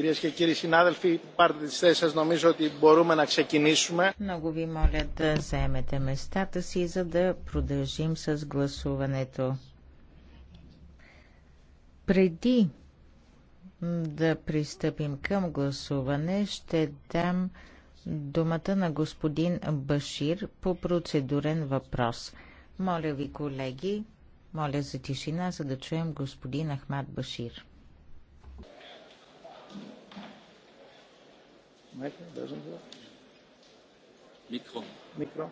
Κυρίες και κύριοι συνάδελφοι, πάρτε τις θέσεις σας. Νομίζω ότι μπορούμε να ξεκινήσουμε. Много ви моля да заемете местата си, за да продължим с гласуването. Преди да пристъпим към гласуване, ще дам думата на господин Башир по процедурен въпрос. Моля ви, колеги, моля за тишина, за да чуем господин Ахмад Башир. Micro. Micro.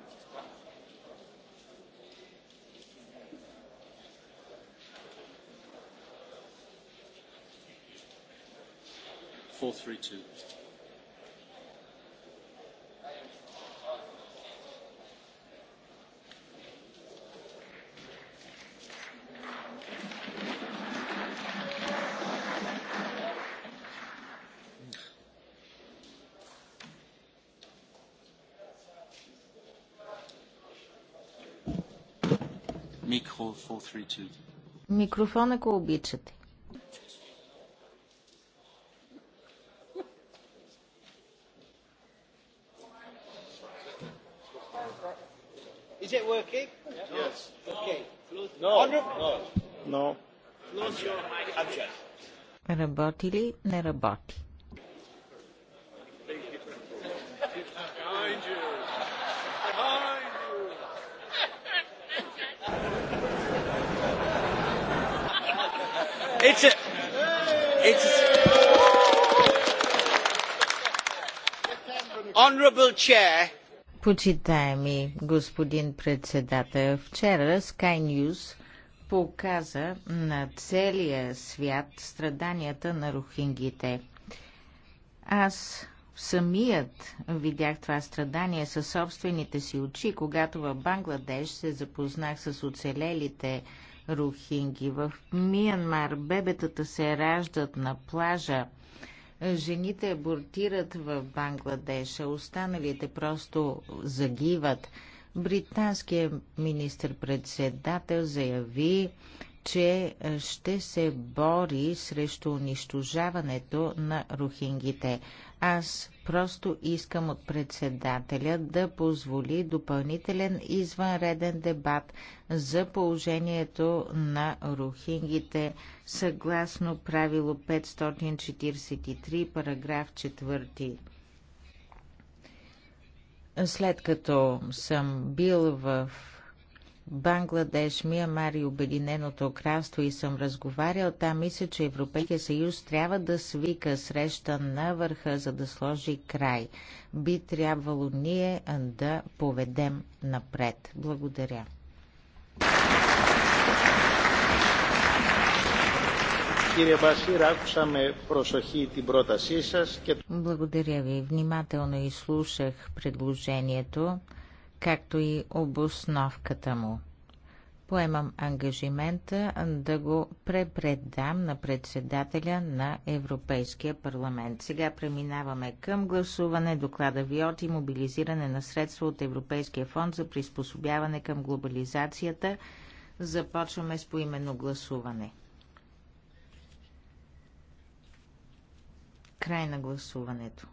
Four, three, two. Микрофон, ако обичате. Is it working? Yes. Okay. No. No. No. Работи ли? Не работи. Thank you. It's a, it's a, honorable chair. Почитаеми господин председател, вчера Sky News показа на целия свят страданията на рухингите. Аз самият видях това страдание със собствените си очи, когато в Бангладеш се запознах с оцелелите рухинги. В Миянмар бебетата се раждат на плажа. Жените абортират в Бангладеш, а останалите просто загиват. Британският министр-председател заяви, че е, ще се бори срещу унищожаването на рухингите. Аз просто искам от председателя да позволи допълнителен извънреден дебат за положението на рухингите съгласно правило 543, параграф 4 след като съм бил в Бангладеш, Миямар и Обединеното кралство и съм разговарял там, мисля, че Европейския съюз трябва да свика среща на върха, за да сложи край. Би трябвало ние да поведем напред. Благодаря. Благодаря ви. Внимателно изслушах предложението както и обосновката му. Поемам ангажимента да го препредам на председателя на Европейския парламент. Сега преминаваме към гласуване доклада ВИОТ и мобилизиране на средства от Европейския фонд за приспособяване към глобализацията. Започваме с поименно гласуване. Край на гласуването.